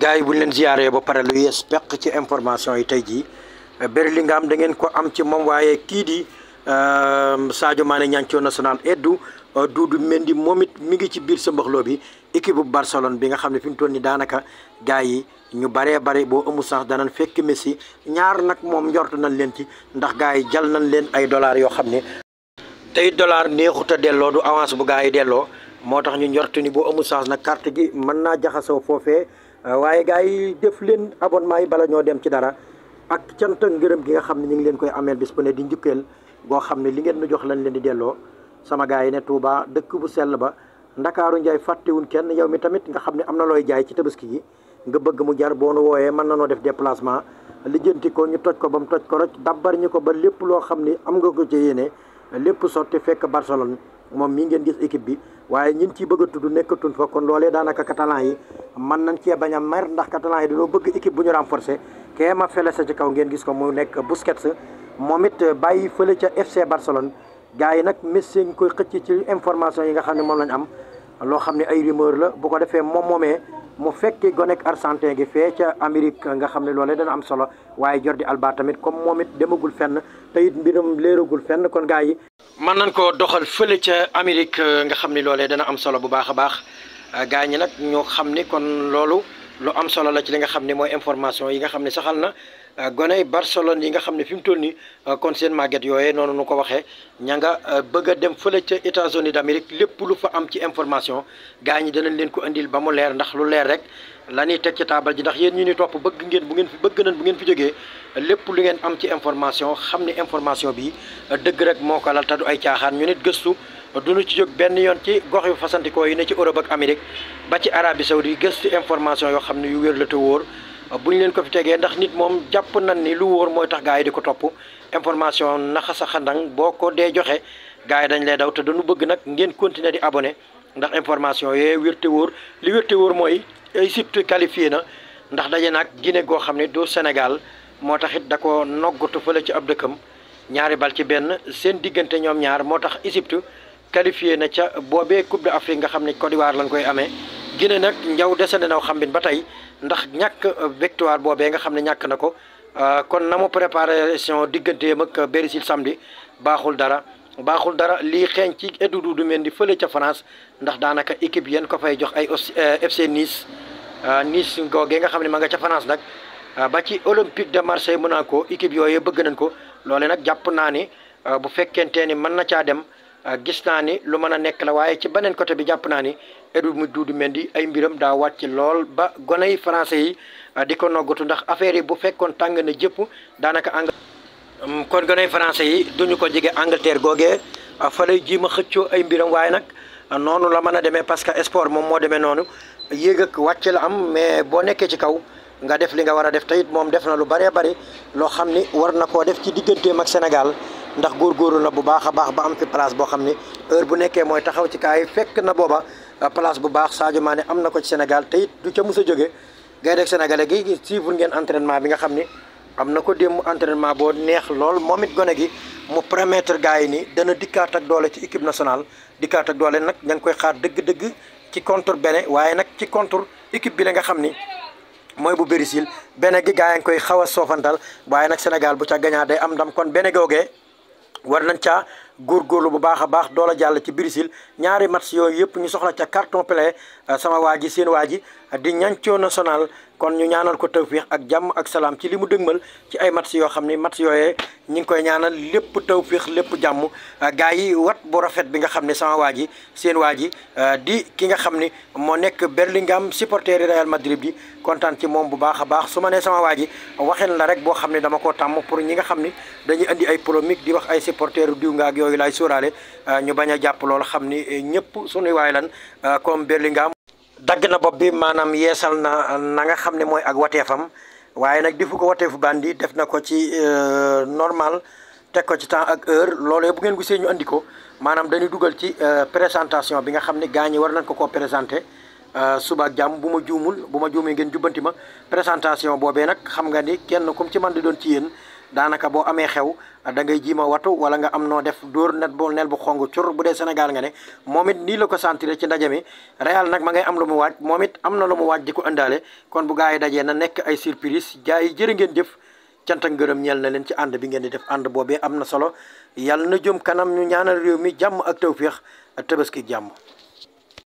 gars yi bu ñu leen ziyaaree ba pare lu yees ci information yi tey jii bëri li nga am da ngeen ko am ci moom waaye kii di euh, Sadio Mané ñancoo national eddu euh, Doudou Mendy moom it mi ngi ci biir sa mbaxloo bi équipe bu Barcelone bi nga xam ne fi mu toll nii daanaka gars yi ñu baree bare boo amul sax danañ fekk Messi ñaar nag moom njort nañ leen ci ndax gars yi jal nañ leen ay dollars yoo xam ne tey dollar neexut a delloo du avance bu gaa yi delloo moo tax ñu njort ni boo amul sax nag carte gi mën naa jaxasoo foofee Euh, waaye gars yi def leen abonnement yi bala ñoo dem ci dara ak cant ak ngërëm gi nga xam ne ñu ngi leen koy ameel bis bu ne di njukkeel boo xam ne li ngeen nu jox lañ leen di delloo sama gaa yi ne Touba dëkk bu sell ba ndakaaru njaay fàttewuñ kenn yow mi tamit nga xam ne am na looy jaay ci tabaski yi nga bëgg mu jar boo nu wooyee mën na noo def déplacement lijjanti ko ñu toj ko ba mu toj ko roj dabbar ñi ko ba lépp loo xam ni am nga ko ci yéene lépp sotti fekk Barcelone moom mii ngeen gis équipe bi waaye ñin ciy bëgg a tudd nekkatun fa daanaka catalan yi man nañ cee bañ a mer ndax catalan yi dañoo bëgg équipe bu ñu renforcer kee ma fele sa ci kaw ngeen gis ko mu nekk busket moom it bàyyi fële ca FC Barcelone gars yi nag Messi ngi koy xëcc ci information yi nga xam ne moom lañ am loo xam ne ay rumeur la bu ko defee moom moomee mu fekki gonek Argentin gi fee ca Amérique nga xam ne loolee dana am solo waaye Jordi Alba tamit comme moom demagul fenn te it mbiram léeragul fenn kon gars yi. mën nañ ko doxal fële ca Amérique nga xam ne loolee dana am solo bu baax a baax. Euh, gaa ñi nag ñu xam ni kon loolu lu am solo la ci li nga xam ne mooy information yi nga xam ne saxal na euh, gone yi Barcelone yi nga xam ne fi mu toll nii euh, kon seen màgget yooyee noonu nu ko waxee ña nga bëgg dem fële ca États-Unis d'Amérique lépp lu fa am ci information gaa ñi danañ leen ko indil ba mu leer ndax lu leer rek la ñuy teg ci taabal ji ndax yéen ñu ni topp bëgg ngeen bu ngeen fi bëgg nañ bu ngeen fi jógee lépp lu ngeen am ci information xam ne information bi dëgg rek moo ko lal te ay caaxaan ñu nit gëstu. du duñu ci jóg benn yoon ci gox yu fasantikoo yi ne ci Europe ak Amérique ba ci Arabie Saoudi gëstu information yoo xam ne yu wér la te wóor bu ñu leen ko fi tegee ndax nit moom jàpp nañ ni lu wóor mooy tax gaa yi di ko topp information naxa a xandang boo ko dee joxe gaa yi dañ lay daw te dañu bëgg nag ngeen continuer di abone ndax information yee wér wóor li wérte te wóor mooy Égypte qualifié na ndax daje naag gine goo xam ne du Sénégal moo tax it da ko noggatu ci ab dëkkam ñaari bal ci benn seen diggante ñoom ñaar moo tax Égypte qualifié na ca boobee Coupe d'Afrique nga xam ne Côte d'Ivoire lañ koy amee Guinée nag njaw na naw xam bin ba tey ndax ñàkk victoire boobee nga xam ne ñàkk na ko euh, kon na mu préparation digganteem ak Brésil samedi baaxul dara baaxul dara lii xeeñ ci du Édouard di fële ca France ndax daanaka équipe yéen ko fay jox ay euh, FC Nice euh, Nice googee nga xam ne ma nga ca France nag ba ci Olympique de Marseille ko équipe yooyu bëgg nañ ko loole nag jàpp naa ni bu fekkente ni mën na caa dem Ah, gis naa ni lu mën a nekk la waaye ci beneen côté bi jàpp naa ni Edouard Doudou Mendy ay mbiram daa wàcc lool ba gone yi français yi ah, di ko noggatu ndax affaire yi bu fekkoon tàng na jëpp daanaka ang um, kon gone yi français yi duñu ko jege Angleterre googee ah, fa lay ji ma xëccoo ay mbiram waaye nag noonu la mën a demee parce que sport moom moo demee noonu yéeg ak wàcc la am mais boo nekkee ci kaw nga def li nga war a def teyit moom def na lu bëree bëri loo xam ni war na koo def ci digganteem ak Sénégal ndax góorgóorlu na bu baax a baax ba am fi place boo xam ni heure bu nekkee mooy taxaw ci kaay fekk na booba euh, place bu baax Sadio Mané am na ko ci Sénégal te du ca mos a jóge gaynde ak sénégalais gi suivre ngeen entraînement bi nga xam ni am na ko démb entraînement boo neex lool moom it gone gi mu promettre gars yi ni dana dikkaat ak doole ci équipe nationale dikkaat ak doole nag ña ngi koy xaar dëgg-dëgg ci contre bene waaye nag ci contre équipe bi la nga xam ni mooy bu Brésil Bénin gi gars yi ngi koy xaw a soofantal waaye nag Sénégal bu ca gañaa day am ndam kon Bénin googee war nañ góor góorgóorlu bu baax a baax doole jàll ci Brésil ñaari match yooyu yëpp ñu soxla ca carton plein euh, sama waa ji seen waa ji di ñancoo national kon ñu ñaanal ko tawfiix ak jàmm ak salaam ci li mu dëgmal ci ay match yoo xam ni match yooye ñi ngi koy ñaanal lépp tawfiix lépp jàmm ah, gars yi wat boo rafet bi nga xam ne sama waa ji seen waa ji ah, di ki nga xam ni moo nekk Bellingham supporter yi Real Madrid bi kontaan ci moom bu baax a baax su ma nee sama waa ji waxeen la rek boo xam ne dama koo tàmm pour ñi nga xam ni dañu indi ay polémique di wax ay supporteru diw nga yooyu laay sóoraale ah, ñu bañ a jàpp loolu xam ni ñëpp suñuy waay lan dagg na bopp bi maanaam yeesal na na nga xam ne mooy ak wateefam waaye nag difu ko wateefu bandi def na ko ci euh, normal teg ko ci temps ak heure loolu bu ngeen gisee ñu andi ko maanaam dañuy dugal ci euh, présentation bi nga xam ne gaa ñi war nañ ko koo présenté euh, suba ak jàmm bu ma juumul bu ma juumee ngeen jubbanti ma présentation boobee nag xam nga ni kenn comme ci man di doon ci yéen daanaka boo amee xew dangay ngay jiima watu wala nga am noo def dóor net bo nel bu xong cur bu dee Sénégal nga ne moom it nii la ko sentir ci ndaje mi Real nag ma ngay am lu mu waaj moomit am na lu mu waaj di ko indaale kon bu yi dajee na nekk ay surprise jaa yi ngeen jëf cant gërëm ñel na leen ci ànd bi ngeen di def ànd boobee am na solo yàlla na jëm kanam ñu ñaanal réew mi jàmm ak tawféex ak ki jàmm